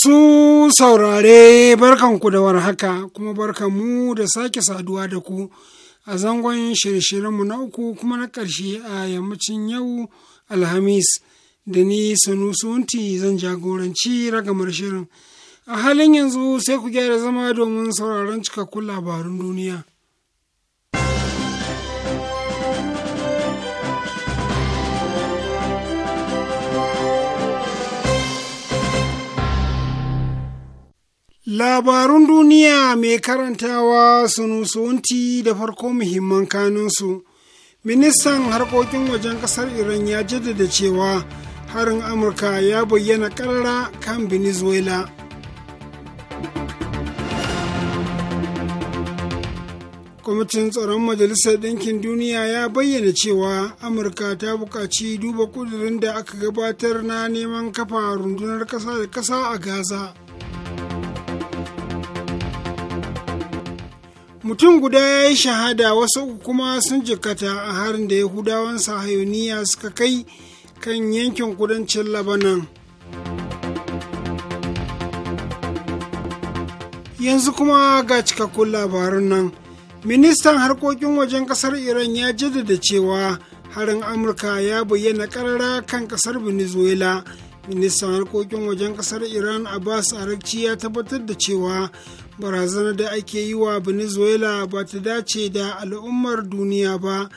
Masu saurare barkanku da warhaka kuma barkanmu da sake saduwa da ku a zangon shirye-shiryenmu na uku kuma na ƙarshe a yammacin yau Alhamis da ni sunti zan jagoranci ragamar shirin. A halin yanzu sai ku gyara zama domin sauraron cikakkun labarun duniya. Labarun duniya mai karantawa sunusunti da farko muhimman kanunsu. Ministan harkokin wajen kasar Iran ya jaddada cewa harin Amurka ya bayyana karara kan Venezuela. Kwamitin tsaron Majalisar Ɗinkin Duniya ya bayyana cewa Amurka ta buƙaci duba ƙudurin da aka gabatar na neman kafa rundunar ƙasa da ƙasa a Gaza. mutum guda ya yi shahada wasu uku kuma sun jikkata a harin da yahudawan sahayoniya suka kai kan yankin kudancin labanan yanzu kuma ga cikakkun labarun nan ministan harkokin wajen kasar iran ya jaddada cewa harin amurka ya bayyana karara kan kasar venezuela ministan harkokin wajen kasar iran abbas arakci ya tabbatar da cewa barazanar da ake yi wa venezuela ba ta dace da al'ummar duniya ba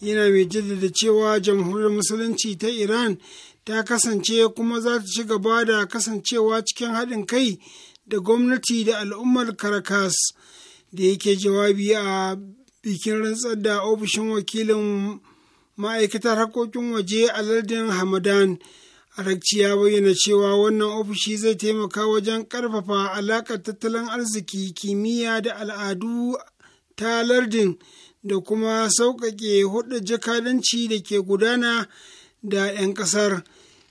yana mai jaddada cewa jamhuriyar musulunci ta iran ta kasance kuma za ta ci gaba da kasancewa cikin haɗin kai da gwamnati da al'ummar caracas da yake jawabi a bikin rantsar da ofishin wakilin ma'aikatar harkokin waje a lardin hamadan Arakci ya bayyana cewa wannan ofishi zai taimaka wajen ƙarfafa alaƙar tattalin arziki, kimiyya da al'adu ta lardin da kuma sauƙaƙe hudu jakadanci da ke gudana da 'yan ƙasar.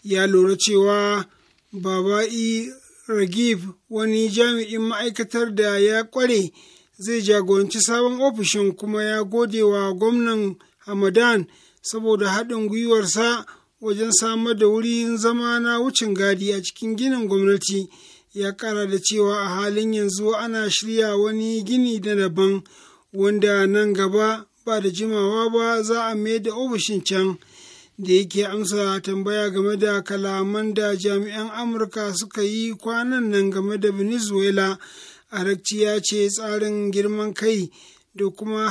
Ya lura cewa Baba'i Ragib wani jami'in ma'aikatar da ya ƙware zai jagoranci sabon ofishin kuma ya gode wa gwamnan Hamadan saboda haɗin gwiwarsa. wajen samar da wurin zama na wucin gadi a cikin ginin gwamnati ya kara da cewa a halin yanzu ana shirya wani gini na daban wanda nan gaba ba da jimawa ba za a mai da ofishin can da yake amsa tambaya game da kalaman da jami'an amurka suka yi kwanan nan game da venezuela arakci ya ce tsarin girman kai da kuma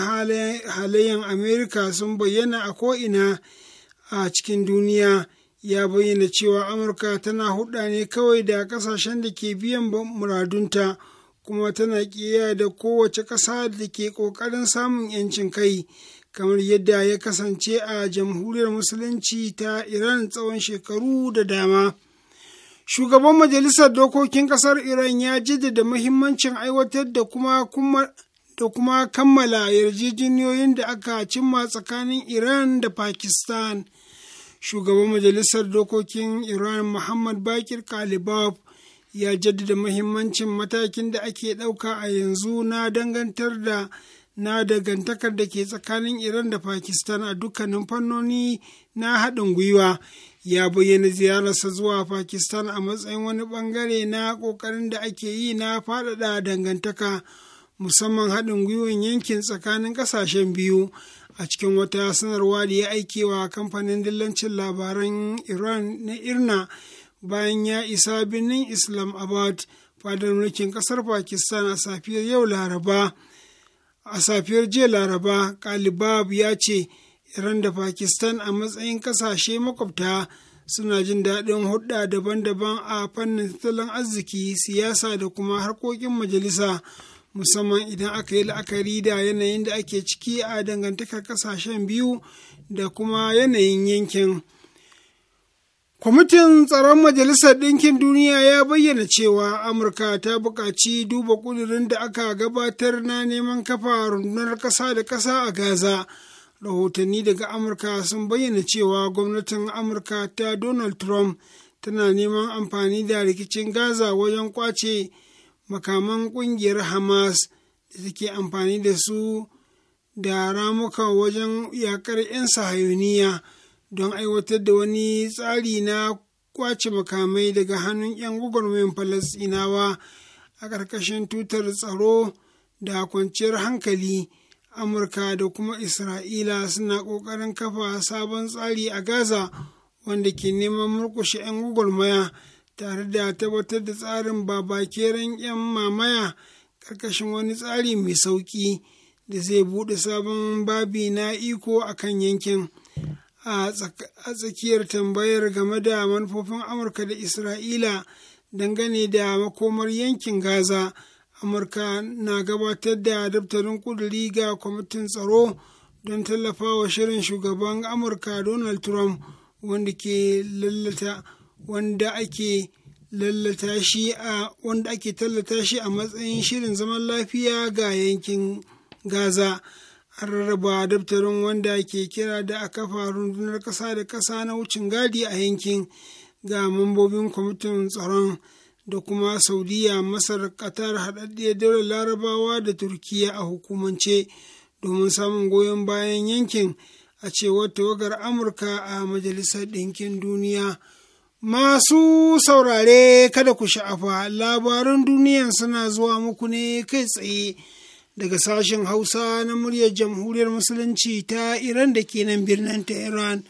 halayen amerika sun bayyana a ko'ina. ina a cikin duniya ya bayyana cewa amurka tana huɗa ne kawai da kasashen da ke biyan muradunta kuma tana ƙiya da kowace ƙasa da ke ƙoƙarin samun 'yancin kai kamar yadda ya kasance a jamhuriyar musulunci ta iran tsawon shekaru da dama shugaban majalisar dokokin ƙasar iran ya jaddada muhimmancin aiwatar da kuma da kuma kammala yarjejeniyoyin da aka cimma tsakanin iran da pakistan shugaban majalisar dokokin iran muhammad bakir kalibab ya jaddada mahimmancin matakin da ake ɗauka a yanzu na dangantar da na dangantakar da ke tsakanin iran da pakistan a dukkanin fannoni na haɗin gwiwa ya bayyana ziyararsa zuwa pakistan a matsayin wani ɓangare na ƙoƙarin da ake yi na faɗaɗa dangantaka musamman haɗin gwiwan yankin tsakanin ƙasashen biyu a cikin wata sanarwa da ya aikewa kamfanin dillancin labaran iran na irna bayan ya isa birnin abad fadar mulkin kasar pakistan a safiyar yau laraba a safiyar jiya laraba kalibab ya ce iran da pakistan a matsayin kasashe makwabta suna jin daɗin hudda daban-daban a fannin tattalin arziki siyasa da kuma harkokin majalisa musamman idan aka yi la'akari da yanayin da ake ciki a dangantaka kasashen biyu da kuma yanayin yankin kwamitin tsaron majalisar ɗinkin duniya ya bayyana cewa amurka ta buƙaci duba ƙudurin da aka gabatar na neman kafa rundunar ƙasa da ƙasa a gaza rahotanni daga amurka sun bayyana cewa gwamnatin amurka ta donald trump tana neman amfani da rikicin gaza wajen kwace makaman ƙungiyar hamas da take amfani da su da ramuka wajen yakar 'yan sahayuniya don aiwatar da wani tsari na kwace makamai daga hannun 'yan gwagwarmayin falasinawa a ƙarƙashin tutar tsaro da kwanciyar hankali amurka da kuma isra'ila suna ƙoƙarin kafa sabon tsari a gaza wanda ke neman murƙushe 'yan gwagwarmaya tare da tabbatar da tsarin babakeren 'yan mamaya ƙarƙashin wani tsari mai sauƙi da zai buɗe sabon babi na iko a kan yankin a tsakiyar tambayar game da manufofin amurka da isra'ila dangane da makomar yankin gaza amurka na gabatar da daftarin kuduri ga kwamitin tsaro don tallafawa shirin shugaban amurka donald trump wanda ke lallata wanda ake lallata shi a wanda ake tallata shi a matsayin shirin zaman lafiya ga yankin gaza an rarraba daftarin wanda ke kira da a kafa rundunar ƙasa da ƙasa na wucin gadi a yankin ga mambobin kwamitin tsaron da kuma saudiya masar qatar haɗaɗɗiyar daular larabawa da turkiya a hukumance domin samun goyon bayan yankin a cewar tawagar amurka a majalisar ɗinkin duniya. Masu saurare kada ku sha'afa labaran duniyan suna zuwa muku ne kai tsaye daga sashen Hausa na muryar Jamhuriyar Musulunci ta Iran da ke nan birnin Iran.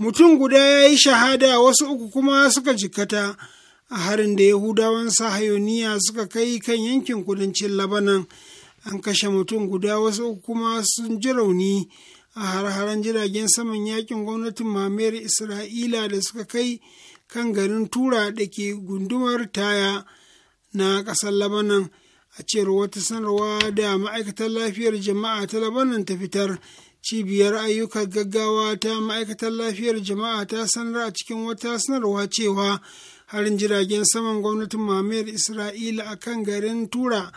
Mutum guda ya yi shahada wasu uku kuma suka jikkata a harin da Yahudawan Sahayoniya suka kai kan yankin kudancin Labanan. An kashe mutum guda wasu uku kuma sun ji rauni a har-haren jiragen saman yakin gwamnatin mamayar Isra'ila da suka kai. kan garin tura da ke gundumar taya na ƙasar labanan a cewar wata sanarwa da ma'aikatar lafiyar jama'a ta labanan ta fitar cibiyar ayyukan gaggawa ta ma'aikatar lafiyar jama'a ta sanar a cikin wata sanarwa cewa harin jiragen saman gwamnatin mamayar isra'ila a kan garin tura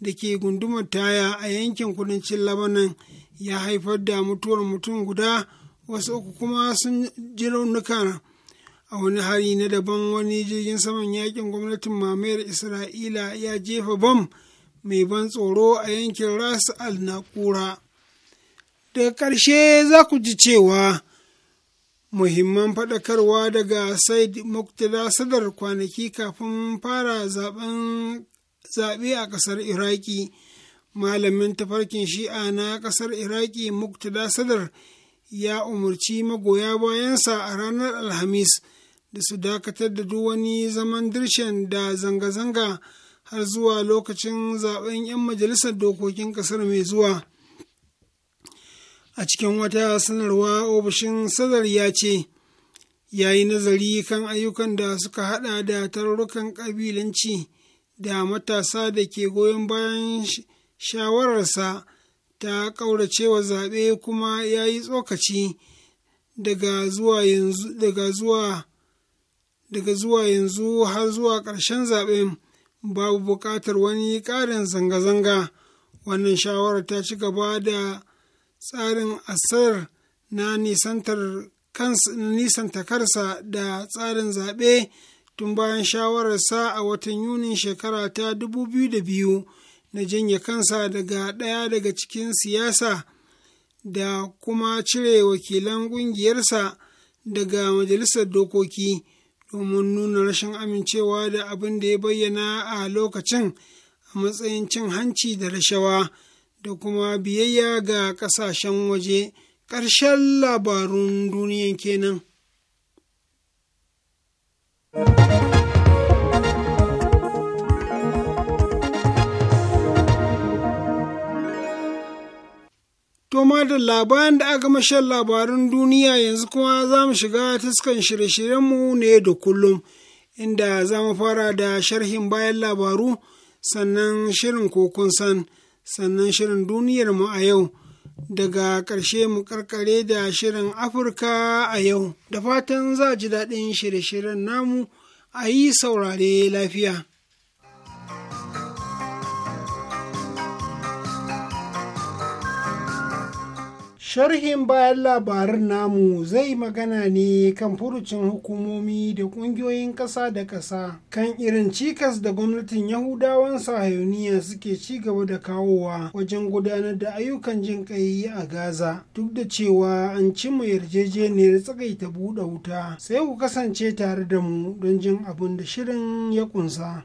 da ke gundumar taya a yankin kudancin labanan ya haifar da mutuwar mutum guda wasu uku kuma sun ji raunuka a wani hari na daban wani jirgin saman yakin gwamnatin mamayar isra'ila ya jefa bom mai ban tsoro a yankin ras al nakura daga ƙarshe za ku ji cewa muhimman faɗakarwa daga said muktada sadar kwanaki kafin fara zaben zaɓe a ƙasar iraki malamin tafarkin shi'a na ƙasar iraki muktada sadar ya umarci magoya bayansa a ranar alhamis da su dakatar da duk wani zaman dirshen da zanga-zanga har zuwa lokacin zaben 'yan majalisar dokokin kasar mai zuwa a cikin wata sanarwa ofishin sadar ya ce ya yi nazari kan ayyukan da suka hada da tarurrukan ƙabilanci da matasa da ke goyon bayan shawararsa ta ƙauracewa zaɓe kuma ya yi tsokaci daga zuwa daga zuwa yanzu har zuwa ƙarshen zaɓen babu buƙatar wani ƙarin zanga-zanga wannan shawarar ta ci gaba da tsarin asar na nisanta karsa da tsarin zaɓe tun bayan shawararsa a watan yunin shekara ta 2002 na janye kansa daga ɗaya daga cikin siyasa da kuma cire wakilan ƙungiyarsa daga majalisar dokoki. domin nuna rashin amincewa da abin da ya bayyana a lokacin a matsayin cin hanci da rashawa da kuma biyayya ga ƙasashen waje ƙarshen labarun duniyan kenan. To madalla bayan da aka mashan labarun duniya yanzu kuma za mu shiga taskan shirye-shiryenmu ne da kullum inda za mu fara da sharhin bayan labaru sannan shirin kokun san sannan shirin duniyar mu a yau daga ƙarshe mu ƙarƙare da shirin afirka a yau da fatan za ji daɗin shirye-shiryen namu a yi saurare lafiya. sharhin bayan labarin namu zai magana ne kan furucin hukumomi da kungiyoyin ƙasa da ƙasa kan irin cikas da gwamnatin yahudawan sahayuniya suke ci gaba da kawowa wajen gudanar da ayyukan jin ƙai a gaza duk da cewa an cimma yarjejeniyar tsagaita buɗe wuta sai ku kasance tare da mu don jin abin da shirin ya kunsa.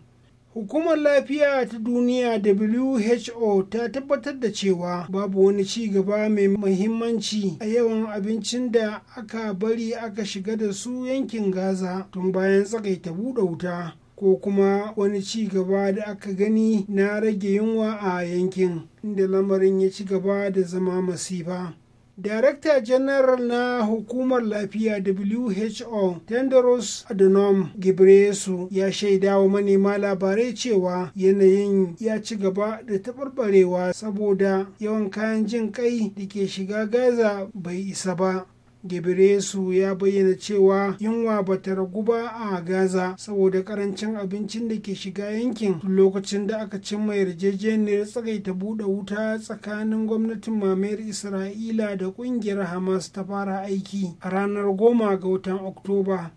Hukumar Lafiya ta Duniya WHO ta tabbatar da cewa babu wani ci gaba mai muhimmanci a yawan abincin da aka bari aka shiga da su yankin Gaza tun bayan tsakaita buɗe wuta ko kuma wani ci gaba da aka gani na rage yunwa a yankin inda lamarin ya ci gaba da zama masifa. Darakta janar na Hukumar Lafiya WHO Tendros Adhanom Ghebreyesus ya shaida wa manema labarai cewa yanayin ya ci gaba da taɓarɓarewa saboda yawan kayan jin kai da ke shiga Gaza bai isa ba. gebresu ya bayyana cewa yunwa ba ta ragu ba a gaza saboda karancin abincin da ke shiga yankin lokacin da aka cimma yarjejeniyar tsagaita buɗe wuta tsakanin gwamnatin mamayar isra'ila da ƙungiyar hamas ta fara aiki a ranar goma ga watan oktoba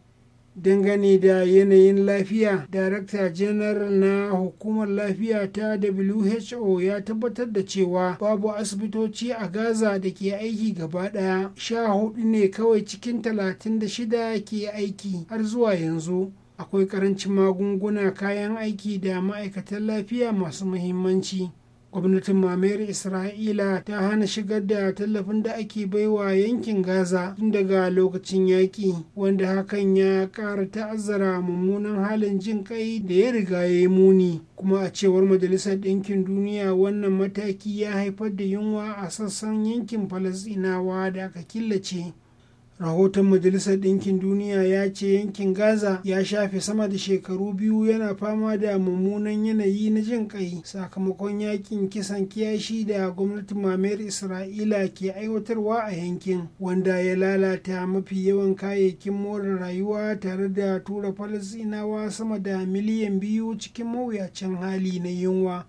dangane da yanayin lafiya darakta janar na hukumar lafiya ta who ya tabbatar da cewa babu asibitoci a gaza da ke aiki gaba daya sha hudu ne kawai cikin talatin da shida ke aiki har zuwa yanzu akwai karancin magunguna kayan aiki da ma'aikatan lafiya masu muhimmanci gwamnatin mamayar isra'ila ta hana shigar da tallafin da ake baiwa yankin gaza tun daga lokacin yaƙi wanda hakan ya ƙara ta'azzara mummunan halin jin kai da ya riga ya yi muni kuma a cewar majalisar ɗinkin duniya wannan mataki ya haifar da yunwa a sassan yankin falasinawa da aka killace rahoton majalisar ɗinkin duniya ya ce yankin gaza ya shafe sama da shekaru biyu yana fama da mummunan yanayi na jin ƙai. sakamakon yakin kisan kiyashi da gwamnatin mamayar isra'ila ke aiwatarwa a yankin wanda ya lalata mafi yawan kayayyakin more rayuwa tare da tura falasinawa sama da miliyan biyu cikin mawuyacin hali na yunwa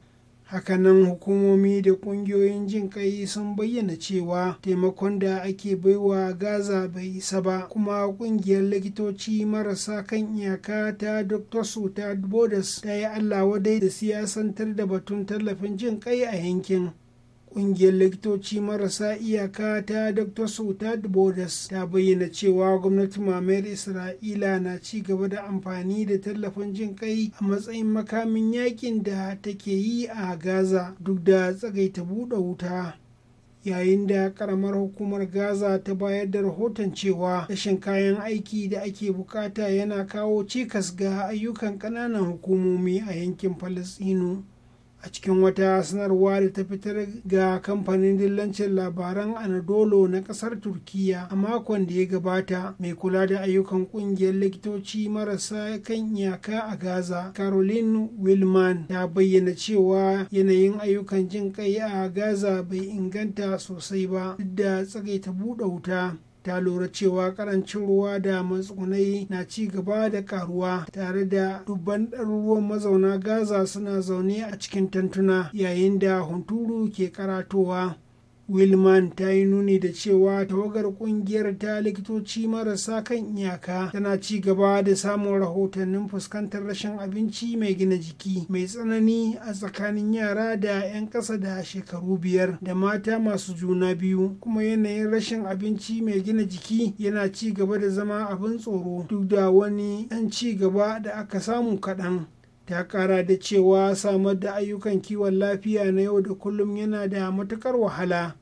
hakanan hukumomi da kungiyoyin jin kai sun bayyana cewa taimakon da ake baiwa gaza bai isa ba kuma kungiyar likitoci marasa kan iyaka ta dr suta bodas ta yi allah wadai da siyasantar da batun tallafin jin kai a yankin Ƙungiyar likitoci marasa iyaka ta Dr. Sauta Bodas ta bayyana cewa gwamnatin mamayar Isra'ila na ci gaba da amfani da tallafin jin kai a matsayin makamin yakin da take yi a Gaza duk da tsagaita buɗe wuta. yayin da karamar hukumar gaza ta bayar da rahoton cewa rashin kayan aiki da ake bukata yana kawo cikas ga ayyukan ƙananan hukumomi a yankin falasino a cikin wata sanarwa da ta fitar ga kamfanin dillancin labaran anadolo na kasar turkiya a makon da ya gabata mai kula da ayyukan kungiyar likitoci marasa kan iyaka a gaza caroline wilman ta bayyana cewa yanayin ayyukan jin kai a gaza bai inganta sosai ba duk da tsagaita buɗe wuta ta lura cewa karancin ruwa da matsugunai na ci gaba da karuwa tare da dubban ɗaruruwan mazauna gaza suna zaune a cikin tantuna yayin da hunturu ke karatowa wilman ta yi nuni da cewa tawagar kungiyar ta likitoci marasa kan iyaka tana ci gaba da samun rahotannin fuskantar rashin abinci mai gina jiki mai tsanani a tsakanin yara da 'yan ƙasa da shekaru biyar da mata masu juna biyu kuma yanayin rashin abinci mai gina jiki yana ci gaba da zama abin tsoro duk da wani ɗan ci gaba da aka samu kaɗan ta kara da cewa samar da ayyukan kiwon lafiya na yau da kullum yana da matukar wahala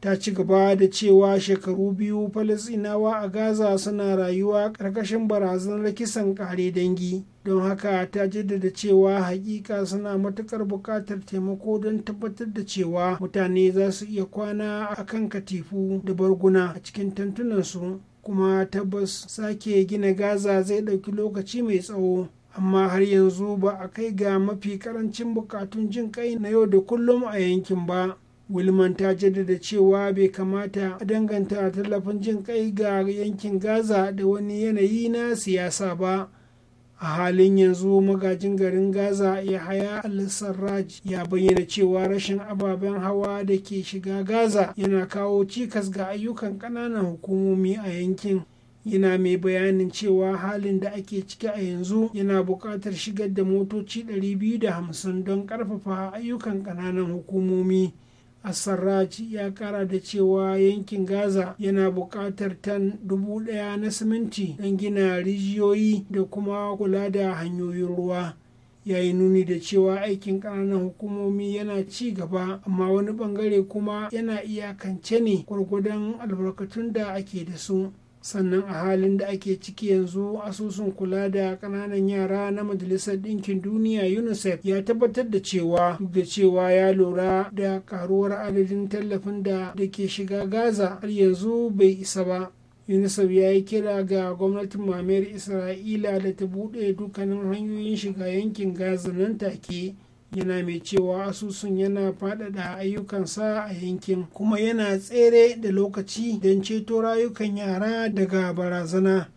ta ci gaba da cewa shekaru biyu falasinawa a gaza suna rayuwa ƙarƙashin barazanar kisan ƙare dangi don haka ta jaddada cewa hakika suna matuƙar buƙatar taimako don tabbatar da cewa mutane za su iya kwana a kan katifu da barguna a cikin tantunansu kuma tabbas sake gina gaza zai ɗauki lokaci mai tsawo amma har yanzu ba a kai ga mafi karancin bukatun jin kai na yau da kullum a yankin ba wilman ta jaddada cewa bai kamata a danganta tallafin jin kai ga yankin gaza da wani yanayi na siyasa ba a halin yanzu magajin garin gaza ya haya al-sarraj ya bayyana cewa rashin ababen hawa da ke shiga gaza yana kawo cikas ga ayyukan ƙananan hukumomi a yankin yana mai bayanin cewa halin da ake ciki a yanzu yana buƙatar shigar da motoci 250 don ƙarfafa ayyukan ƙananan hukumomi Assarraj ya kara da cewa yankin Gaza yana buƙatar tan dubu ɗaya na siminti don gina rijiyoyi da kuma kula da hanyoyin ruwa. Ya yi nuni da cewa aikin ƙananan hukumomi yana ci gaba amma wani ɓangare kuma yana iyakance ne gwargwadon albarkatun da ake da su. sannan a halin da ake ciki yanzu asusun kula da kananan yara na majalisar ɗinkin duniya unicef ya tabbatar da cewa duk da cewa ya lura da karuwar adadin tallafin da da ke shiga gaza har yanzu bai isa ba unicef ya yi kira ga gwamnatin mamayar isra'ila da ta buɗe dukkanin hanyoyin shiga yankin gaza nan take yana mai cewa asusun yana faɗaɗa ayyukansa a yankin kuma yana tsere da lokaci don ceto rayukan yara daga barazana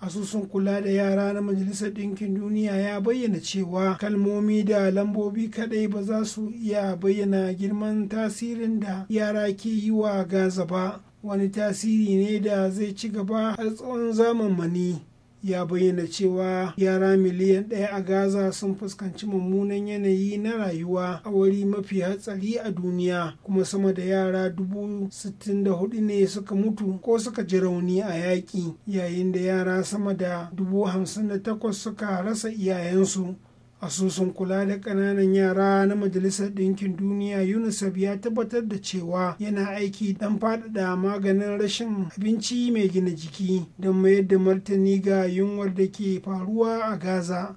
asusun kula da yara na majalisar ɗinkin duniya ya bayyana cewa kalmomi da lambobi kaɗai ba za su iya bayyana girman tasirin da yara ke yi wa gaza ba wani tasiri ne da zai ci gaba har tsawon zamani ya bayyana cewa yara miliyan ɗaya a gaza sun fuskanci mummunan yanayi na rayuwa a wuri mafi hatsari a duniya kuma sama da yara dubu sittin da hudu ne suka mutu ko suka ji rauni a yaƙi yayin da yara sama da dubu hamsin da takwas suka rasa iyayensu asusun kula da kananan yara na majalisar ɗinkin duniya unicef ya tabbatar da cewa yana aiki don faɗaɗa maganin rashin abinci mai gina jiki don mayar da martani ga yunwar da ke faruwa a gaza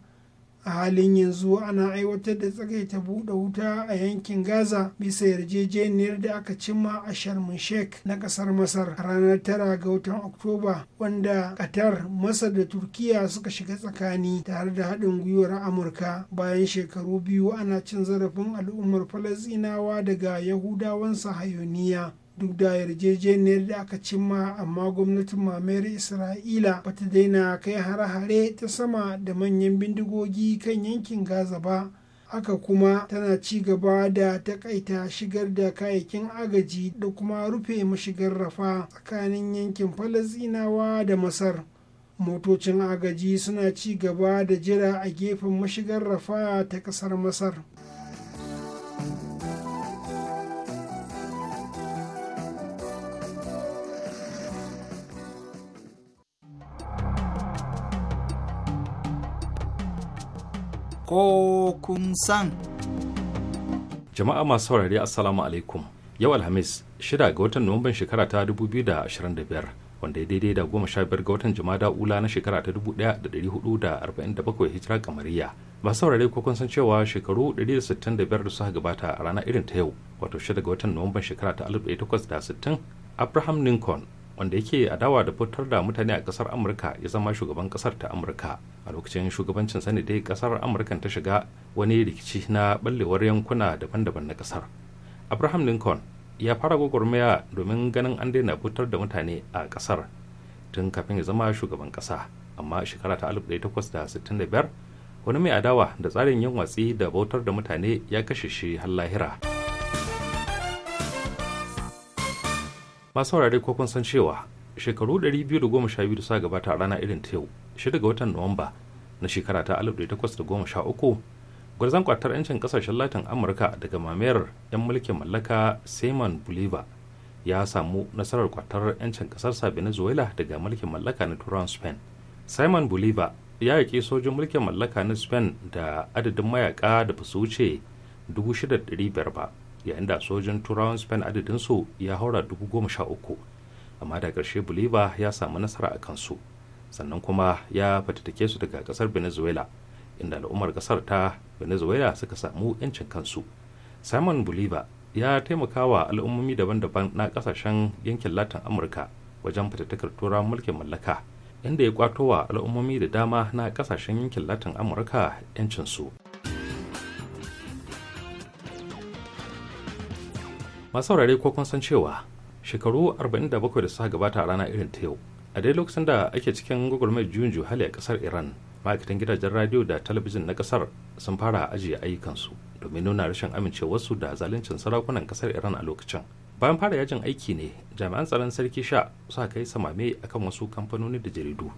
a halin yanzu ana aiwatar da tsagaita buɗe wuta a yankin gaza bisa yarjejeniyar da aka cimma a sharmin sheikh na ƙasar masar a ranar tara ga watan oktoba wanda qatar masar da turkiya suka shiga tsakani tare da haɗin gwiwar amurka bayan shekaru biyu ana cin zarafin al'ummar falasinawa daga yahudawan sahayoniya duk da yarjejeniyar da aka cimma amma gwamnatin mamayar isra'ila ba ta daina kai hare-hare ta sama da manyan bindigogi kan yankin gaza ba haka kuma tana ci gaba da takaita shigar da kayayyakin agaji da kuma rufe mashigar rafa tsakanin yankin falasinawa da masar motocin agaji suna ci gaba da jira a gefen mashigar rafa ta kasar masar ko kun san. Jama'a masu saurari Assalamu alaikum. Yau Alhamis, shida ga watan Nuwamban shekara ta 2025 wanda ya daidai da goma sha biyar ga watan da Ula na shekara ta 1447 hijira kamariya. Masu saurari ko kun san cewa shekaru 165 da suka gabata a rana irin ta yau, wato shida ga watan Nuwamban shekara ta 1860, Abraham Lincoln wanda yake adawa da fitar da mutane a kasar amurka ya zama shugaban kasar ta amurka a lokacin shugabancin sani dai kasar amurkan ta shiga wani rikici na ballewar yankuna daban-daban na kasar abraham lincoln ya fara gwagwarmaya domin ganin an daina fitar da mutane a kasar tun kafin ya zama shugaban kasa amma shekara ta 1865 wani mai adawa da tsarin yin watsi da bautar da mutane ya kashe shi har lahira. masu saurare ko kun san cewa shekaru 212 da suka gabata a rana irin ta yau shida ga watan nuwamba na shekara ta 1813 gwarzan kwatar 'yancin kasashen latin amurka daga mamayar 'yan mulkin mallaka simon bolivar ya samu nasarar kwatar 'yancin sa venezuela daga mulkin mallaka na turan spain simon bolivar ya yaƙi sojin mulkin mallaka na spain da adadin mayaka da basu wuce 6,500 ba yayin da sojin turawan spain adadinsu ya haura dubu goma sha uku amma da karshe bolivar ya samu nasara a kansu sannan kuma ya fatattake su daga ƙasar venezuela inda al'ummar ƙasar ta venezuela suka samu 'yancin kansu simon bolivar ya taimaka wa al'ummomi daban-daban na ƙasashen yankin latin amurka wajen fatattakar turawan mulkin mallaka inda ya kwato wa al'ummomi da dama na ƙasashen yankin latin amurka 'yancinsu. masu saurari ko kun san cewa shekaru 47 da suka gabata a rana irin ta yau a dai lokacin da ake cikin gwagwarmayar juyin hali a kasar iran ma'aikatan gidajen radiyo da talabijin na kasar sun fara ajiye ayyukansu domin nuna rashin amincewarsu da zaluncin sarakunan kasar iran a lokacin bayan fara yajin aiki ne jami'an tsaron sarki sha suka kai samame akan wasu kamfanoni da jaridu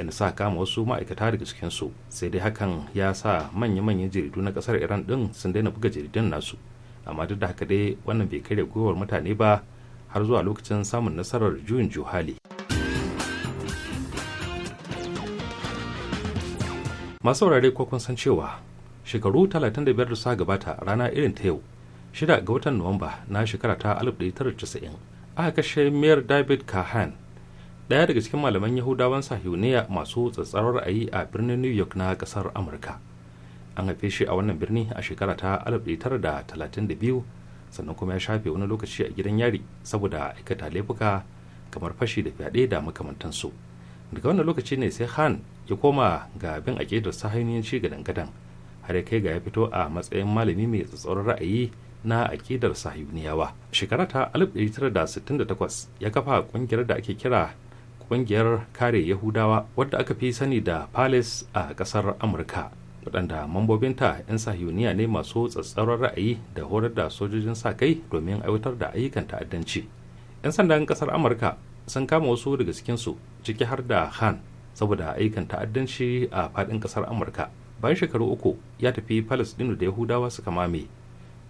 inda sa kama wasu ma'aikata daga cikinsu sai dai hakan ya sa manya-manyan jaridu na kasar iran din sun daina buga jaridun nasu amma duk da haka dai wannan bai karya gwiwar mutane ba har zuwa lokacin samun nasarar juyin juhali masu saurare ko san cewa shekaru 35 da suka gabata rana irin ta yau shida ga watan nuwamba na shekara ta 1990 aka kashe mayor david kahan daya daga cikin malaman yahudawan sahiyoniya masu tsatsarar ayi a birnin new york na kasar amurka an haife shi a wannan birni a shekara ta 1932 sannan kuma ya shafe wani lokaci a gidan yari saboda aikata laifuka kamar fashi da fyaɗe da makamantansu daga wannan lokaci ne sai han ya koma ga bin aƙidar sa hanyoyin ci gadan gadan har ya kai ga ya fito a matsayin malami mai tsatsauran ra'ayi na aƙidar sahiyuniyawa shekara ta 1968 ya kafa ƙungiyar da ake kira ƙungiyar kare yahudawa wadda aka fi sani da palace a ƙasar amurka waɗanda mambobinta 'yan sahiyoniya ne masu tsatsauran ra'ayi da horar da sojojin sa kai domin aiwatar da ayyukan ta'addanci 'yan sandan ƙasar amurka sun kama wasu daga cikinsu ciki har da han saboda ayyukan ta'addanci a faɗin ƙasar amurka bayan shekaru uku ya tafi dinu da yahudawa suka mame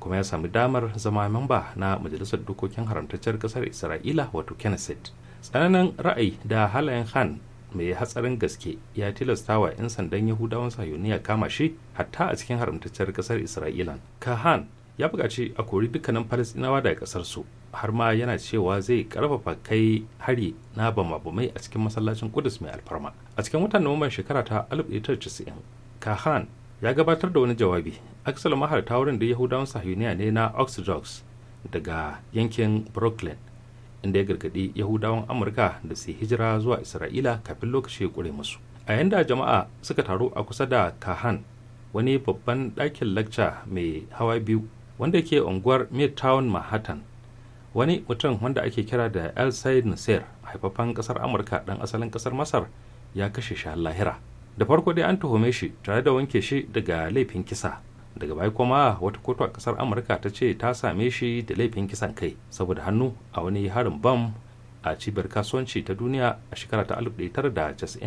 kuma ya sami damar zama mamba na majalisar dokokin haramtacciyar ƙasar isra'ila wato knesset tsananin ra'ayi da halayen han mai hatsarin gaske ya tilasta wa 'yan sandan yahudawan sayoniya kama shi hatta a cikin haramtacciyar kasar Isra'ila. kahan ya buƙaci a kori dukkanin falasɗinawa daga ƙasarsu har ma yana cewa zai karfafa kai hari na bamabamai a cikin masallacin kudus mai alfarma a cikin watan nuwamban shekara ta 1990 kahan ya gabatar da wani jawabi aksal mahalarta wurin da yahudawan sahuniya ne na oxydox daga yankin brooklyn inda ya gargaɗi yahudawan amurka da su hijira zuwa isra'ila kafin lokaci ya ƙure musu a yanda jama'a suka taru a kusa da kahan wani babban ɗakin lacca mai hawa biyu wanda ke unguwar midtown manhattan wani mutum wanda ake kira da el said nasir haifafan ƙasar amurka ɗan asalin ƙasar masar ya kashe shi lahira da farko dai an tuhume shi tare da wanke shi daga laifin kisa daga baya kuma wata kotu a kasar amurka ta ce ta same shi da laifin kisan kai saboda hannu a wani harin bam a cibiyar kasuwanci ta duniya a shekara ta 1993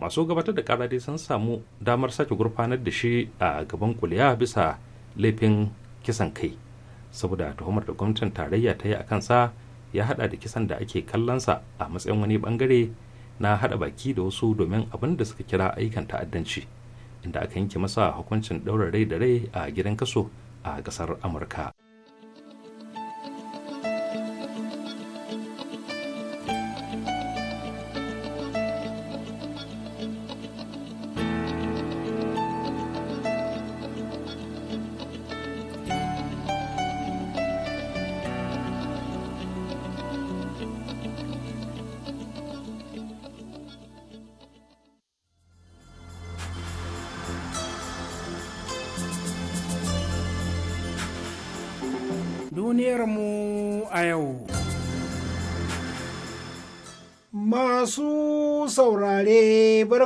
masu gabatar da kara dai sun samu damar sake gurfanar da shi a gaban kuliya bisa laifin kisan kai saboda tuhumar da gwamnatin tarayya ta yi a kansa ya hada da kisan da ake kallonsa a matsayin wani bangare na hada baki da wasu domin abin da suka kira ayyukan ta'addanci. inda aka yanke masa hukuncin ɗaura rai da rai a gidan kaso a ƙasar amurka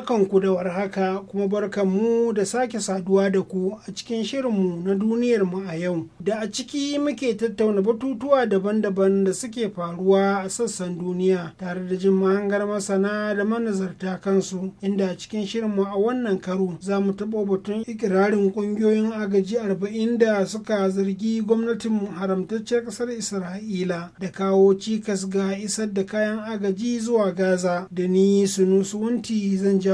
barkanku da warhaka kuma mu da sake saduwa da ku a cikin shirinmu na duniyarmu a yau da a ciki muke tattauna batutuwa daban-daban da suke faruwa a sassan duniya tare da jin mahangar masana da manazarta kansu inda a cikin shirinmu a wannan karo za mu taɓo batun ikirarin ƙungiyoyin agaji arba'in da suka zargi gwamnatin haramtacciyar ƙasar isra'ila da kawo cikas ga isar da kayan agaji zuwa gaza da ni sunusuwanti zan ja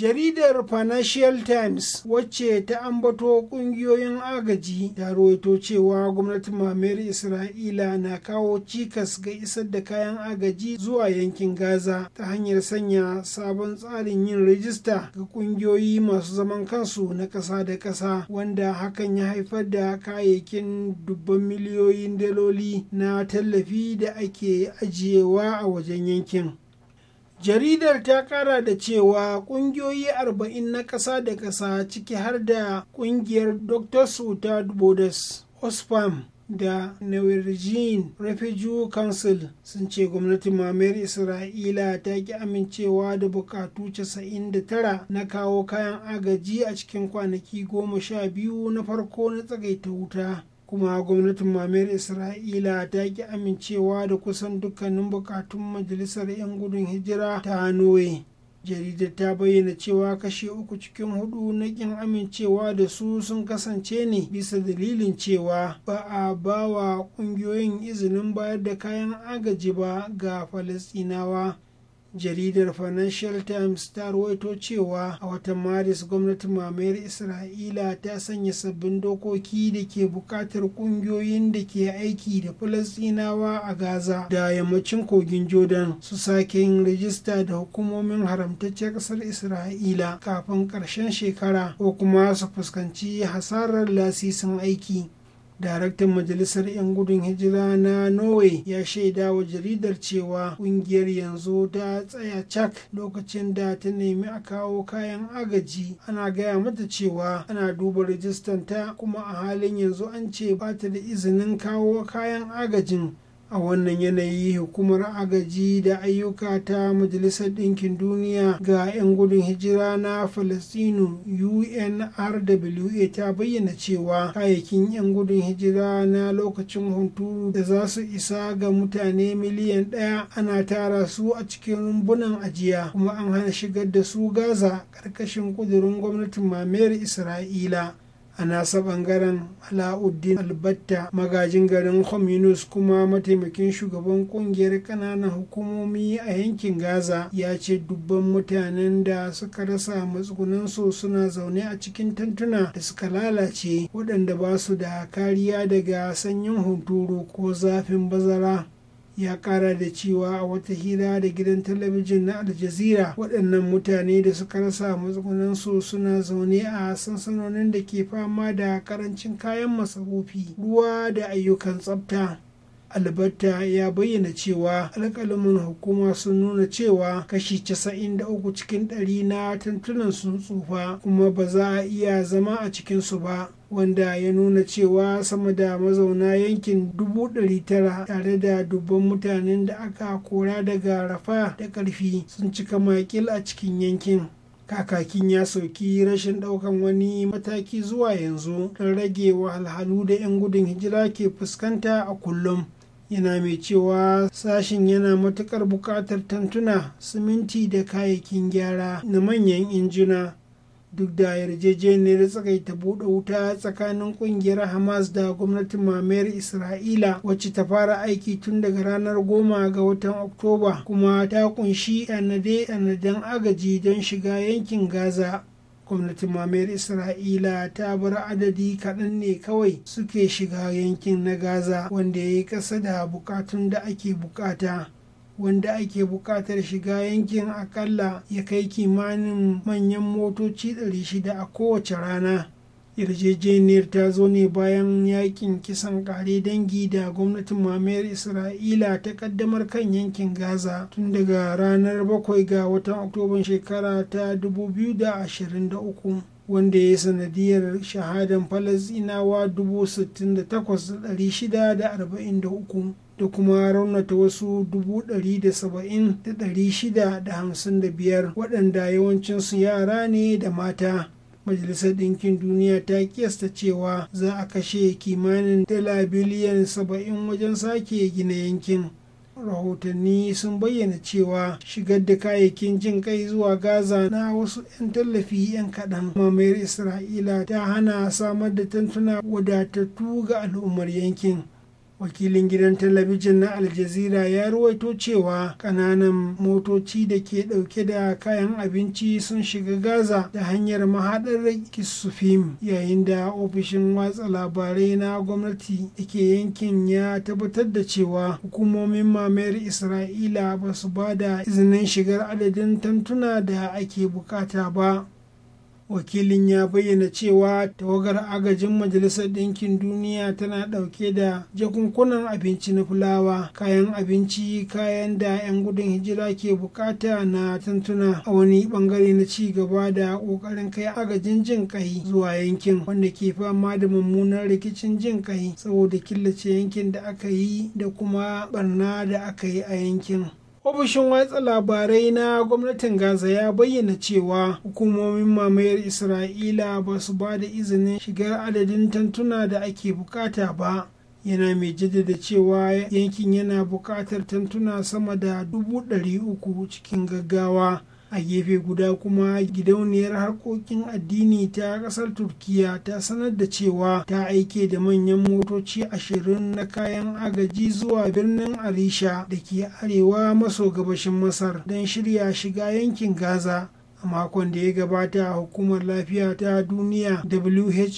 jaridar financial times wacce ta ambato kungiyoyin agaji ta rawaito cewa gwamnatin mamayar isra'ila na kawo cikas ga isar da kayan agaji zuwa yankin gaza ta hanyar sanya sabon tsarin yin rajista ga kungiyoyi masu zaman kansu na ƙasa da ƙasa wanda hakan ya haifar da kayayyakin dubban miliyoyin daloli na tallafi da ake ajiyewa a wajen yankin jaridar ta kara da cewa kungiyoyi 40 na ƙasa da ƙasa ciki har da kungiyar doctors without borders osfam da norwegian refugee council sun ce gwamnatin mamayar isra'ila ta ki amincewa da bukatu 99 na kawo kayan agaji a cikin kwanaki 12 na farko na tsagaita wuta kuma gwamnatin mamayar isra'ila ta ki amincewa da kusan dukkanin bukatun majalisar 'yan gudun hijira ta hanoi jaridar ta bayyana cewa kashe uku cikin hudu na kin amincewa da su sun kasance ne bisa dalilin cewa ba a ba wa kungiyoyin izinin bayar da kayan agaji ba ga falasinawa jaridar financial times ta ruwaito cewa a watan maris gwamnatin mamayar isra'ila ta sanya sabbin dokoki da ke bukatar kungiyoyin da ke aiki da falasinawa a gaza da yammacin kogin jordan su sake yin rajista da hukumomin haramtacciyar kasar isra'ila kafin karshen shekara ko kuma su fuskanci hasarar lasisin aiki daraktan majalisar 'yan gudun hijira na norway ya shaida wa jaridar cewa kungiyar yanzu ta tsaya cak lokacin da ta nemi a kawo kayan agaji ana gaya mata cewa ana duba rijistan kuma a halin yanzu an ce ba ta da izinin kawo kayan agajin a wannan yanayi hukumar agaji da ayyuka ta majalisar ɗinkin duniya ga 'yan gudun hijira na falastinu unrwa ta bayyana cewa kayayyakin 'yan gudun hijira na lokacin hunturu da za su isa ga mutane miliyan ɗaya ana tara su a cikin rumbunan ajiya kuma an hana shigar da su gaza ƙarƙashin ƙudurin gwamnatin mamayar isra'ila a nasa bangaren alauddin albatta magajin garin hominus kuma mataimakin shugaban kungiyar kananan hukumomi a yankin gaza ya ce dubban mutanen da suka rasa matsugunansu suna zaune a cikin tantuna da suka lalace waɗanda ba su da kariya daga sanyin hunturu ko zafin bazara ya kara da cewa a wata hira da gidan talabijin na aljazira waɗannan mutane da suka rasa matsugunansu suna zaune a sansanonin da ke fama da karancin kayan masarufi ruwa da ayyukan tsafta albatta ya bayyana cewa alkalamin hukuma sun nuna cewa kashi casa'in da uku cikin ɗari na tantunan sun tsufa kuma ba za a iya zama a cikinsu ba wanda ya nuna cewa sama da mazauna yankin dubu ɗari tara. tare da dubban mutanen da aka kora daga rafa da ƙarfi. sun cika makil a cikin yankin kakakin ya sauki rashin ɗaukan wani mataki zuwa yanzu don rage wahalhalu da 'yan gudun hijira ke fuskanta a kullum yana mai cewa sashen yana matuƙar buƙatar tantuna siminti da kayayyakin gyara na manyan injina duk da yarjejeniyar ta buɗe wuta tsakanin ƙungiyar hamas da gwamnatin mamayar isra'ila wacce ta fara aiki tun daga ranar goma ga watan oktoba kuma ta kunshi yanade-yanaden agaji don shiga yankin gaza gwamnatin mamayar isra'ila ta bar adadi kaɗan ne kawai suke shiga yankin na gaza wanda ya yi ƙasa da bukatun da ake bukata wanda ake bukatar shiga yankin akalla ya kai kimanin manyan motoci 600 a kowace rana yarjejeniyar ta zo ne bayan yakin kisan kare dangi da gwamnatin mamayar isra'ila ta kaddamar kan yankin gaza tun daga ranar 7 ga watan oktoban shekara ta 2023 wanda ya sanadiyar shahadan falasinawa 68,643 da kuma raunata wasu biyar. waɗanda yawancinsu yara ne da mata majalisar ɗinkin duniya ta kiyasta cewa za a kashe kimanin dala biliyan saba'in wajen sake gina yankin rahotanni sun bayyana cewa shigar da kayayyakin jin kai zuwa gaza na wasu 'yan tallafi 'yan kaɗan mamayar isra'ila ta hana samar da tantuna wadatattu ga al'ummar yankin wakilin gidan talabijin na aljazira ya ruwaito cewa kananan motoci da ke dauke da kayan abinci sun shiga gaza da hanyar mahadar kisufim yayin da ofishin watsa labarai na gwamnati da ke yankin ya tabbatar da cewa hukumomin mamayar isra'ila ba su ba da izinin shigar adadin tantuna da ake bukata ba wakilin ya bayyana cewa tawagar agajin majalisar ɗinkin duniya tana ɗauke da jakunkunan abinci na fulawa kayan abinci kayan da 'yan gudun hijira ke bukata na tantuna a wani bangare na ci gaba da ƙoƙarin kai agajin jin kai zuwa yankin wanda ke fama da mummunan rikicin jin kai saboda killace yankin da aka yi da kuma barna da aka yi a yankin ofishin watsa labarai na gwamnatin gaza ya bayyana cewa hukumomin mamayar isra'ila ba su ba da izinin shigar adadin tantuna da ake bukata ba yana mai jaddada cewa yankin yana bukatar tantuna sama da dubu ɗari uku cikin gaggawa a gefe guda kuma gidauniyar harkokin addini ta kasar turkiya ta sanar da cewa ta aike da manyan motoci ashirin na kayan agaji zuwa birnin arisha da ke arewa maso gabashin masar don shirya shiga yankin gaza a makon da ya gabata hukumar lafiya ta duniya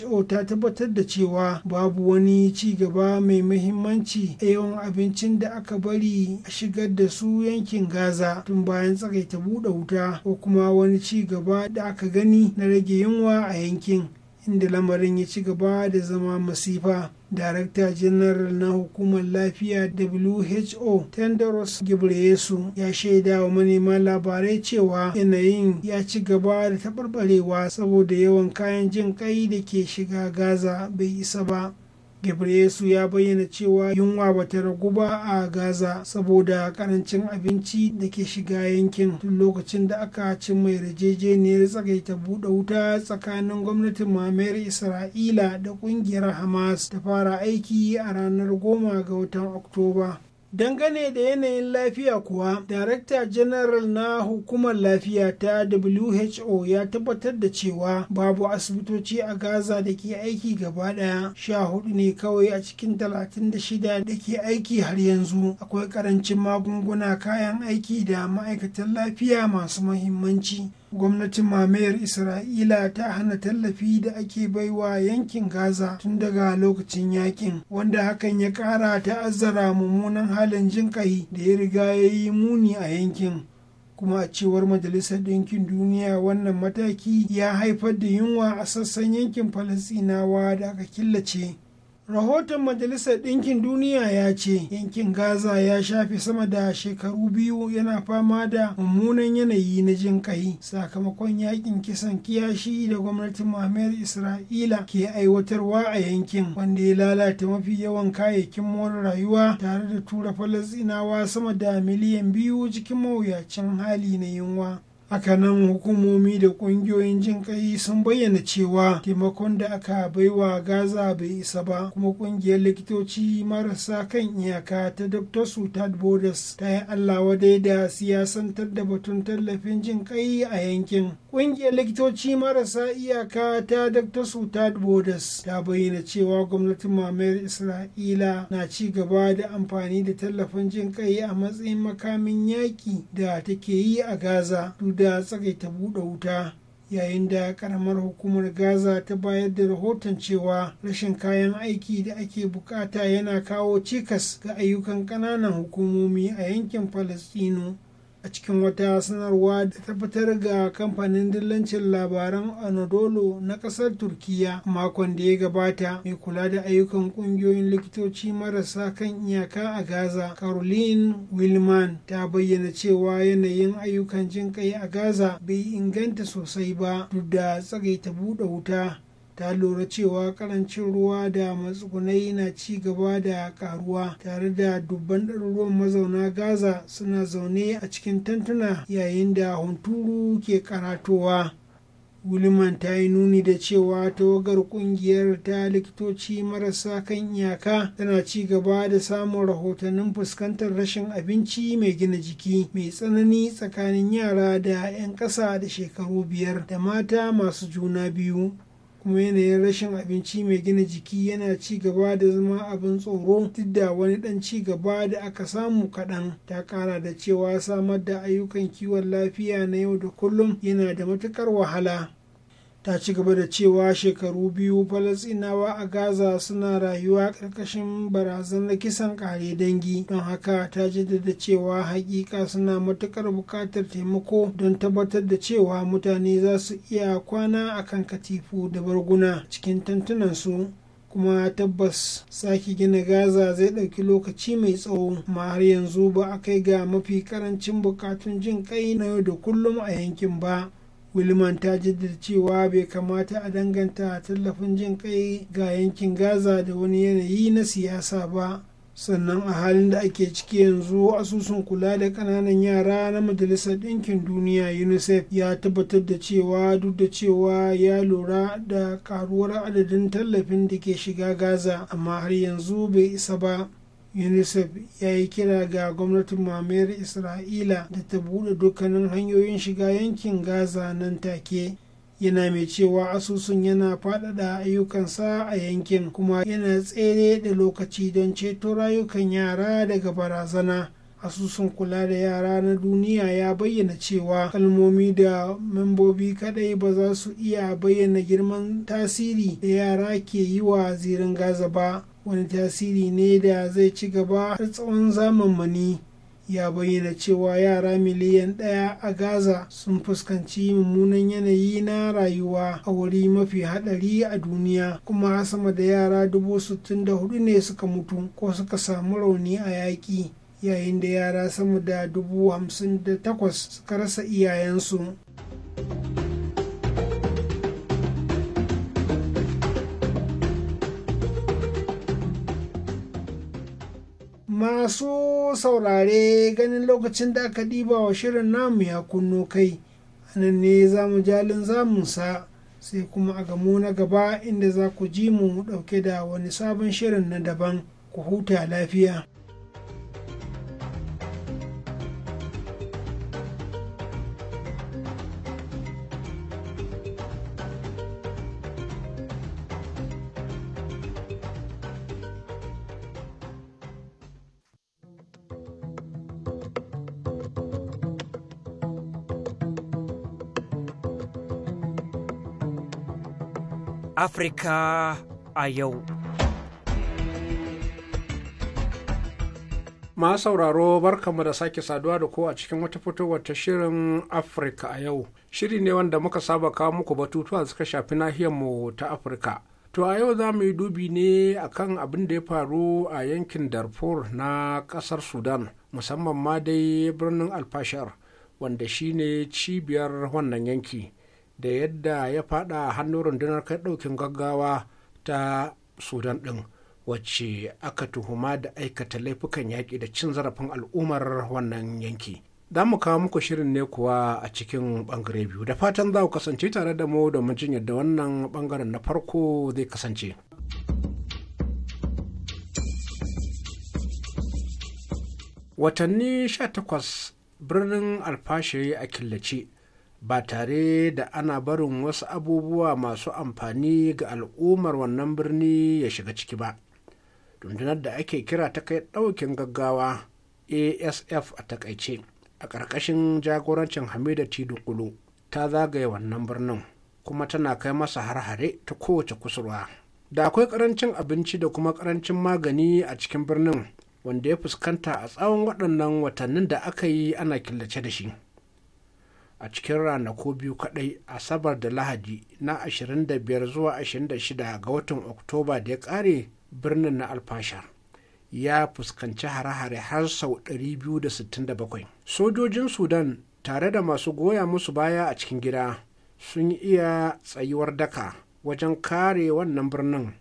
who ta tabbatar da cewa babu wani ci gaba mai mahimmanci a yawan abincin da aka bari a shigar da su yankin gaza tun bayan tsakaita buɗe wuta ko kuma wani ci gaba da aka gani na rage yunwa a yankin inda lamarin ya ci gaba da zama masifa darakta janaral na hukumar lafiya who tendros ghebreyesu ya shaida wa manema labarai cewa yanayin ya ci gaba da taɓarɓarewa saboda yawan kayan jin ƙai da ke shiga gaza bai isa ba gebreyesu ya bayyana cewa yunwa bata ragu ba a gaza saboda karancin abinci da ke shiga yankin tun lokacin da aka cin mai yarjejeniyar tsagaita buɗe wuta tsakanin gwamnatin mamayar isra'ila da ƙungiyar hamas ta fara aiki a ranar goma ga watan oktoba dangane da yanayin lafiya kuwa darakta janaral na hukumar lafiya ta who ya tabbatar da cewa babu asibitoci a gaza da ke aiki gaba daya sha hudu ne kawai a cikin talatin da shida da ke aiki har yanzu akwai karancin magunguna kayan aiki da ma'aikatan lafiya masu muhimmanci gwamnatin mamayar isra'ila ta hana tallafi da ake baiwa yankin gaza tun daga lokacin yakin wanda hakan ya kara ta'azzara mummunan halin jinƙai da ya riga ya yi muni a yankin kuma a cewar majalisar ɗinkin duniya wannan mataki ya haifar da yunwa a sassan yankin falasinawa da aka killace rahoton majalisar ɗinkin duniya ya ce yankin gaza ya shafe sama da shekaru biyu yana fama da mummunan yanayi na jin kai sakamakon yakin kisan kiyashi da gwamnatin mamayar isra'ila ke aiwatarwa a yankin wanda ya lalata mafi yawan kayayyakin more rayuwa tare da tura falasinawa sama da miliyan biyu cikin mawuyacin hali na yunwa haka nan hukumomi da kungiyoyin jin kai sun bayyana cewa taimakon da aka baiwa gaza bai isa ba kuma kungiyar likitoci marasa kan iyaka ta dr sultan borders ta yi allah wa da siyasantar da batun tallafin jin kai a yankin kungiyar likitoci marasa iyaka ta dr sultan borders ta bayyana cewa gwamnatin mamayar isra'ila na ci gaba da amfani da tallafin jin kai a matsayin makamin yaƙi da take yi a gaza da tsagaita buɗe wuta yayin da karamar hukumar gaza ta bayar da rahoton cewa rashin kayan aiki da ake bukata yana kawo cikas ga ayyukan ƙananan hukumomi a yankin falastino a cikin wata sanarwa da tabbatar ga kamfanin dillancin labaran anadolu na kasar turkiya makon da ya gabata mai kula da ayyukan kungiyoyin likitoci marasa kan iyaka a gaza caroline wilman ta bayyana cewa yanayin ayyukan jin kai a gaza bai inganta sosai ba duk da tsagaita buɗe wuta ta lura cewa karancin ruwa da matsugunai na ci gaba da karuwa tare da dubban ɗaruruwan mazauna gaza suna zaune a cikin tantuna yayin da hunturu ke karatowa Wilman ta yi nuni da cewa tawagar kungiyar ta likitoci marasa kan iyaka tana ci gaba da samun rahotannin fuskantar rashin abinci mai gina jiki mai tsanani tsakanin yara da 'yan ƙasa da shekaru biyar da mata masu juna biyu kuma yanayin rashin abinci mai gina jiki yana ci gaba da zama abin tsoro duk da wani dan ci gaba da aka samu kaɗan ta ƙara da cewa samar da ayyukan kiwon lafiya na yau da kullum yana da matuƙar wahala ta ci gaba da cewa shekaru biyu falasinawa a gaza suna rayuwa ƙarƙashin barazanar kisan ƙare dangi don haka ta jaddada cewa hakika suna matuƙar buƙatar taimako don tabbatar da cewa mutane za su iya kwana a kan katifu da barguna cikin tantunansu kuma tabbas sake gina gaza zai ɗauki lokaci mai tsawo ma har yanzu ba a kai ga mafi karancin bukatun jin kai na yau da kullum a yankin ba wilman ta jaddada cewa bai kamata a danganta tallafin jin kai ga yankin gaza da wani yanayi na siyasa ba sannan a halin da ake ciki yanzu asusun kula da ƙananan yara na majalisar ɗinkin duniya unicef ya tabbatar da cewa duk da cewa ya lura da karuwar adadin tallafin da ke shiga gaza amma har yanzu bai isa ba unicef ya yi kira ga gwamnatin mamayar isra'ila da ta buɗe dukkanin hanyoyin shiga yankin gaza nan take yana mai cewa asusun yana faɗaɗa ayyukansa a yankin kuma yana tsere da lokaci don ceto rayukan yara daga barazana asusun kula da yara na duniya ya bayyana cewa kalmomi da membobi kadai ba za su iya bayyana girman tasiri da yara ke yi wa zirin gaza ba wani tasiri ne da zai ci gaba har tsawon zamanmani ya bayyana cewa yara miliyan ɗaya a gaza sun fuskanci mummunan yanayi na rayuwa a wuri mafi haɗari a duniya kuma sama da yara dubu sittin da hudu ne suka mutu ko suka samu rauni a yaƙi yayin da yara sama da dubu hamsin da takwas suka rasa iyayensu. masu saurare ganin lokacin da aka ɗiba wa shirin namu ya kunno kai anan ne za mu jalin zamunsa sai kuma a gamu na gaba inda za ku ji mu ɗauke da wani sabon shirin na daban ku huta lafiya Afirka a yau. Ma sauraro barkamu da sake saduwa da ku a cikin wata fitowar ta shirin Afirka a yau. Shiri ne wanda muka saba kawo muku batutuwa suka shafi nahiyarmu ta Afirka. To a yau za mu yi dubi ne akan abin da ya faru a yankin Darfur na ƙasar Sudan, musamman ma dai birnin Alfashar, wanda shine cibiyar wannan yanki. da yadda ya fada hannun rundunar kai ɗaukin gaggawa ta sudan ɗin wacce aka tuhuma da aikata laifukan yaƙi da cin zarafin al'ummar wannan yanki za mu kawo muku shirin ne kuwa a cikin bangare biyu da fatan za ku kasance tare da mu domin jin yadda wannan bangaren na farko zai kasance. watanni 18 birnin alfashe a killace ba tare da ana barin wasu abubuwa masu amfani ga al'ummar wannan birni ya shiga ciki ba rundunar da ake kira ta kai ɗaukin gaggawa asf a takaice a ƙarƙashin jagorancin hamida tidukulu ta zagaye wannan birnin kuma tana kai masa har-hare ta kowace kusurwa da akwai ƙarancin abinci da kuma ƙarancin magani a cikin birnin wanda ya fuskanta a tsawon waɗannan watannin da aka yi ana killace da shi a cikin ranaku biyu kadai asabar da lahadi na 25 zuwa 26 ga watan oktoba da ya kare birnin na alfasha, ya fuskanci hare-hare har sau 267 sojojin sudan tare da masu goya musu baya a cikin gida sun iya tsayuwar daka wajen kare wannan birnin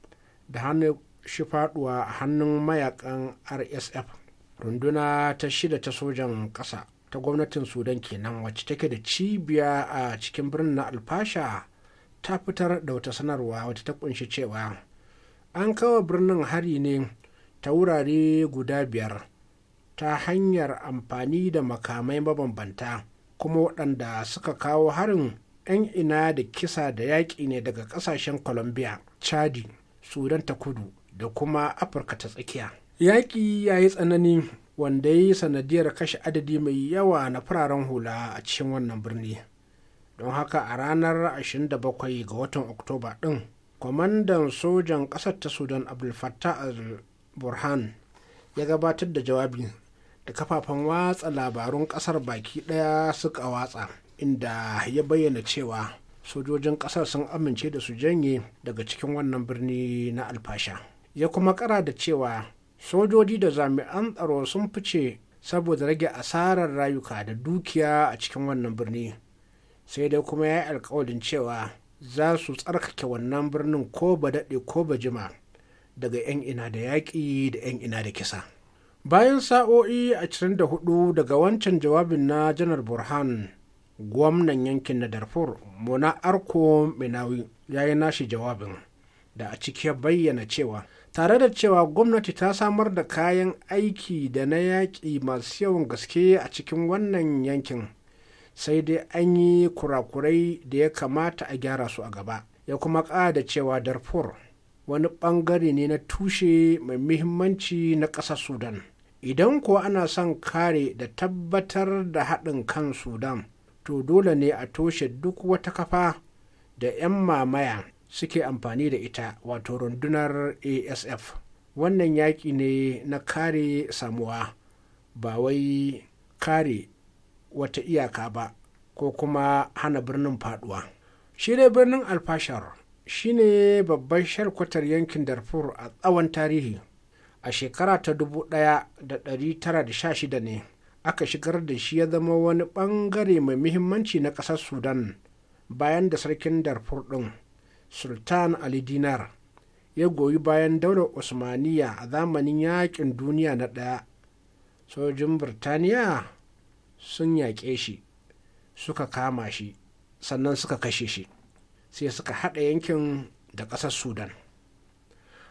da hannu shi faduwa a hannun mayakan rsf runduna ta shida ta sojan ƙasa ta gwamnatin sudan kenan wacce take da cibiya a cikin birnin alfasha ta fitar da wata sanarwa wata ta kunshi cewa an kawo birnin hari ne ta wurare guda biyar ta hanyar amfani da makamai mabambanta kuma waɗanda suka kawo harin 'yan ina da kisa da yaƙi ne daga ƙasashen colombia chadi sudan ta kudu da kuma afirka ta tsakiya yaƙi ya yi tsanani wanda ya yi sanadiyar kashe adadi mai yawa na fararen hula a cikin wannan birni don haka a ranar 27 ga watan oktoba din kwamandan sojan ƙasar ta sudan abdulfattah al-burhan ya gabatar da jawabi da kafafen watsa labarun ƙasar baki ɗaya suka watsa inda ya bayyana cewa sojojin ƙasar sun amince da su janye daga cikin wannan birni na alfasha ya kuma kara da cewa sojoji da jami'an tsaro sun fice saboda rage asarar rayuka da dukiya a cikin wannan birni sai dai kuma ya yi alkawarin cewa za su tsarkake wannan birnin ko ba daɗe ko ba jima daga 'yan ina da yaƙi da 'yan ina da kisa bayan sa'o'i 24 daga wancan jawabin na janar burhan gwamnan yankin na darfur mona arko minawi ya yi nashi jawabin da a ciki bayyana cewa tare da cewa gwamnati ta samar da kayan aiki da na yaƙi masu yawan gaske a cikin wannan yankin sai dai an yi kurakurai da ya kamata a gyara su a gaba ya kuma ƙara da cewa darfur wani ɓangare ne na tushe mai muhimmanci na ƙasar sudan idan kuwa ana son kare da tabbatar da haɗin kan sudan to dole ne a toshe duk wata kafa da 'yan mamaya suke amfani da ita wato rundunar asf wannan yaƙi ne na kare samuwa ba wai kare wata iyaka ba ko kuma hana birnin faduwa shi dai birnin alfashar shine babban sharkwatar yankin darfur a tsawon tarihi a shekara ta 1916 ne aka shigar da shi ya zama wani bangare mai muhimmanci na ƙasar sudan bayan da sarkin darfur din. sultan ali dinar ya goyi bayan daular osmaniya a zamanin yakin duniya na ɗaya sojin birtaniya sun yaƙe shi suka kama shi sannan suka kashe shi sai suka haɗa yankin da ƙasar sudan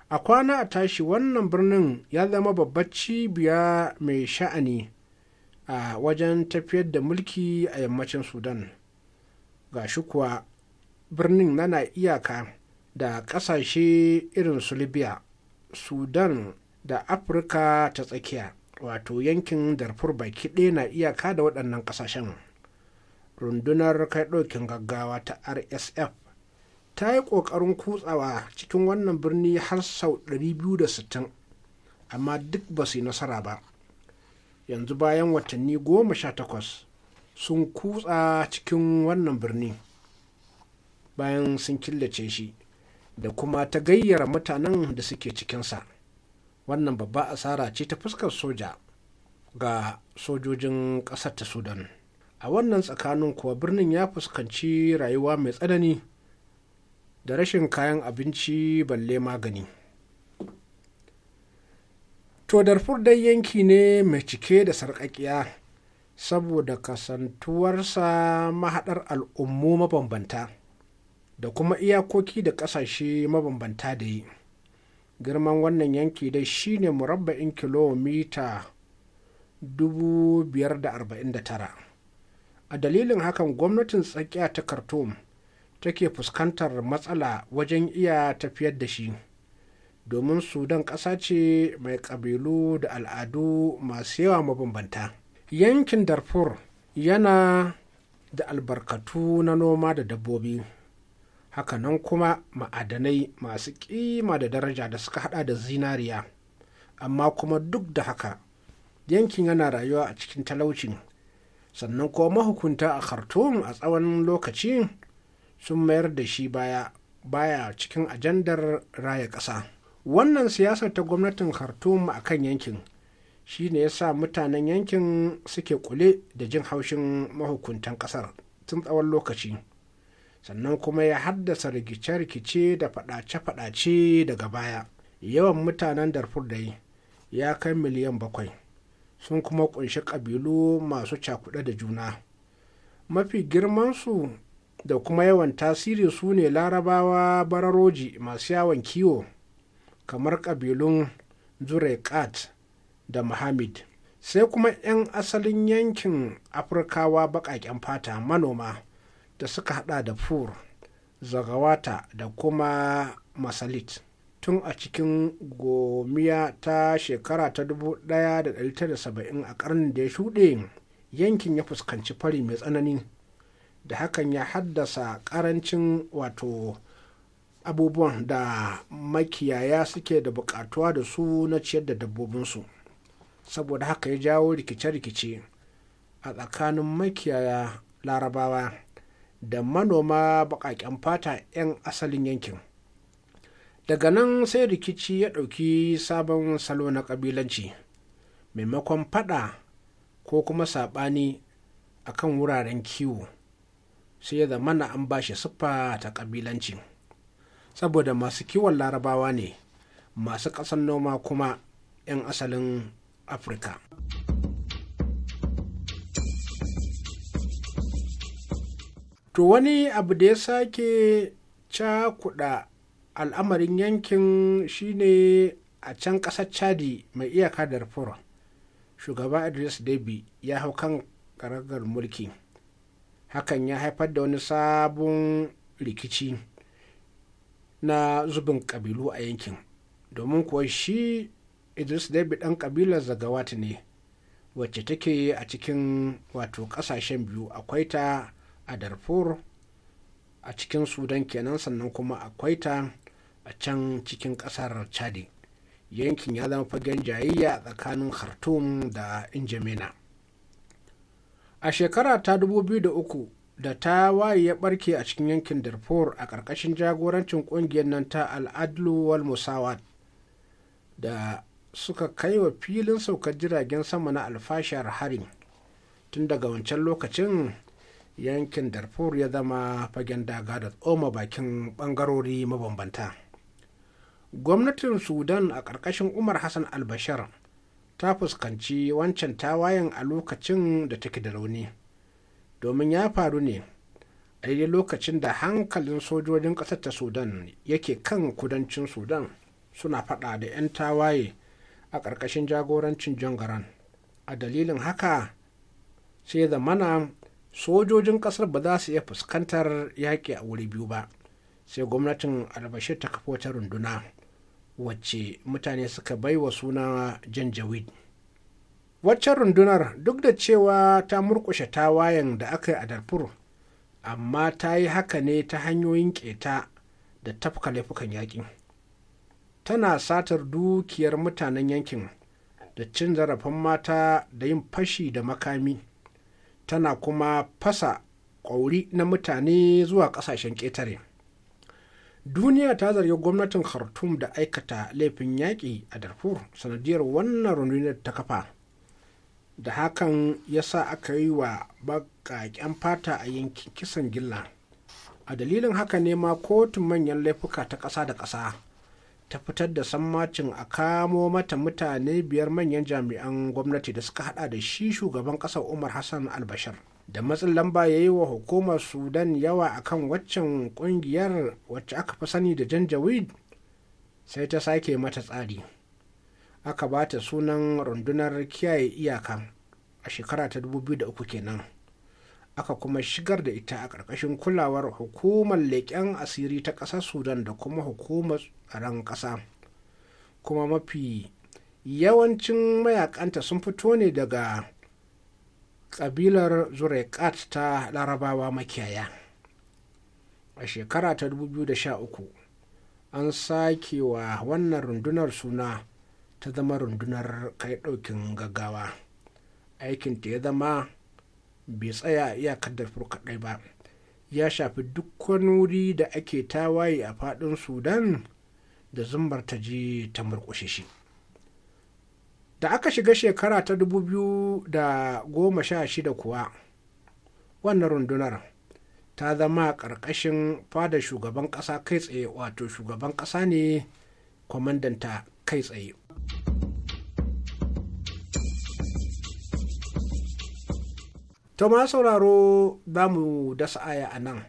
a kwana a tashi wannan birnin ya zama babbar cibiya mai sha'ani a wajen tafiyar da mulki a yammacin sudan ga shi kuwa birnin nana iyaka da ƙasashe irin su libya sudan da afirka ta tsakiya wato yankin darfur baki ɗaya na iyaka da waɗannan ƙasashen rundunar kai ɗaukin gaggawa ta rsf ta yi ƙoƙarin kutsawa cikin wannan birni har sau 260 amma duk ba su yi nasara ba yanzu bayan watanni goma sha takwas sun kutsa cikin wannan birni bayan sun killace shi da kuma ta gayyara mutanen da suke cikinsa wannan babba asara ce ta fuskar soja ga sojojin ƙasar ta sudan a wannan tsakanin kuwa birnin ya fuskanci rayuwa mai tsanani da rashin kayan abinci balle magani to darfur dai yanki ne mai cike da sarƙaƙiya saboda kasantuwarsa mahaɗar al'ummu mabambanta da kuma iyakoki da ƙasashe mabambanta da yi girman wannan yanki dai shine murabba'in kilomita 549 a dalilin hakan gwamnatin tsakiya ta khartoum take fuskantar matsala wajen iya tafiyar da shi domin sudan ƙasa ce mai ƙabilu da al'adu masu yawa mabambanta yankin darfur yana da albarkatu na noma da dabbobi Haka nan, kuma ma'adanai masu kima da daraja da suka hada da zinariya amma kuma duk da haka yankin yana rayuwa a cikin talaucin sannan kuma mahukunta a khartoum a tsawon lokaci sun mayar da shi baya baya cikin ajandar raya ƙasa wannan siyasar ta gwamnatin khartoum a kan yankin shi ne ya sa mutanen yankin suke kule da jin haushin mahukuntan ƙasar tun tsawon lokaci sannan kuma ya haddasa rikice-rikice da faɗace-faɗace daga baya yawan mutanen darfur yi ya kai miliyan bakwai sun kuma kunshi ƙabilu masu cakuɗe da juna mafi girmansu da kuma yawan tasiri su ne larabawa bararoji masu yawon kiwo kamar ƙabilun zurekat da muhammad sai kuma 'yan asalin yankin afirkawa baƙaƙen fata manoma da suka hada da fur zagawata da kuma masalit tun a cikin gomiya ta shekara ta 1970 a karnin da ya shuɗe yankin ya fuskanci fari mai tsanani da hakan ya haddasa karancin wato abubuwan da makiyaya suke da bukatuwa da su na ciyar da dabbobinsu saboda haka ya jawo rikice-rikice a tsakanin makiyaya larabawa da manoma baƙaƙen fata 'yan asalin yankin daga nan sai rikici ya ɗauki sabon salo na ƙabilanci maimakon faɗa ko kuma saɓani a kan wuraren kiwo sai ya zamana an ba shi siffa ta ƙabilanci saboda masu kiwon larabawa ne masu ƙasan noma kuma 'yan asalin afirka to wani abu da ya sake cakuɗa al'amarin yankin shine a can ƙasar chadi mai iyaka da rufura shugaba idris debi ya hau kan karagar mulki hakan ya haifar da wani sabon rikici na zubin ƙabilu a yankin domin kuwa shi idris debi ɗan kabilar zagawat ne wacce take a cikin wato ƙasashen biyu akwai ta a darfur a cikin sudan kenan sannan kuma akwai ta a can cikin kasar chadi yankin ya zama fagen jayayya a tsakanin khartoum da injamena a shekara ta 2003 da ta waye ya barke a cikin yankin darfur a ƙarƙashin jagorancin ƙungiyar nan ta al'adlu wal musawat da suka kai wa filin saukar jiragen sama na alfashar harin tun daga wancan lokacin yankin darfur ya zama fagen daga da tsoma bakin bangarori mabambanta gwamnatin sudan a ƙarƙashin umar hassan albashar ta fuskanci wancan tawayen a lokacin da take da rauni domin ya faru ne a daidai lokacin da hankalin sojojin ƙasar ta sudan yake kan kudancin sudan suna faɗa da 'yan tawaye a ƙarƙashin jagorancin john garan a dalilin haka sai zamana sojojin kasar ba za su iya fuskantar yaƙi a wuri biyu ba sai gwamnatin albashir ta kafa wata runduna wacce mutane suka bai wa suna janjawid waccan rundunar duk da cewa ta murkushe tawayen da aka yi a darfur amma ta yi haka ne ta hanyoyin keta da tafka laifukan yaƙi tana satar dukiyar mutanen yankin da cin zarafin mata da yin fashi da makami tana kuma fasa ƙwauri na mutane zuwa ƙasashen ƙetare duniya ta zargi gwamnatin khartoum da aikata laifin yaƙi a darfur sanadiyar wannan rundunar ta kafa da hakan ya sa aka yi wa baƙaƙen fata a yankin kisan gilla a dalilin haka ne ma kotun manyan laifuka ta ƙasa da ƙasa ta fitar da sammacin a kamo mata mutane biyar manyan jami'an gwamnati da suka hada da shi shugaban kasar umar hassan albashir da matsin lamba ya yi wa hukumar sudan yawa akan waccan kungiyar wacce aka fi sani da janjaweed sai ta sake mata tsari aka ba ta sunan rundunar kiyaye iyaka a shekara ta 2003 kenan aka kuma shigar da ita a ƙarƙashin kulawar hukumar leƙen asiri ta ƙasa sudan da kuma hukumar tsaron ƙasa kuma mafi yawancin mayakanta sun fito ne daga ƙabilar zurekat ta larabawa makiyaya a shekara ta 2013 an sake wa wannan rundunar suna ta zama rundunar kai ɗaukin gaggawa aikinta ya zama bai tsaya a iyakar darfur kaɗai ba ya shafi duk wani wuri da ake tawaye a faɗin sudan da zumbar ta je ta murƙushe shi da aka shiga shekara ta dubu biyu da goma sha shida kuwa wannan rundunar ta zama ƙarƙashin fada shugaban ƙasa kai tsaye wato shugaban ƙasa ne kwamandanta kai tsaye ta ma sauraro za mu dasa aya a nan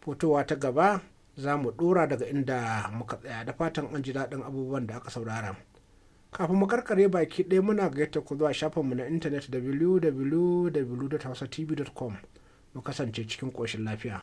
fotowa ta gaba za mu dora daga inda muka tsaya da fatan an ji daɗin abubuwan da aka saurara kafin mu karkare baki ɗaya muna gayyata ku zuwa shafinmu na intanet www.hausatv.com mu kasance cikin koshin lafiya.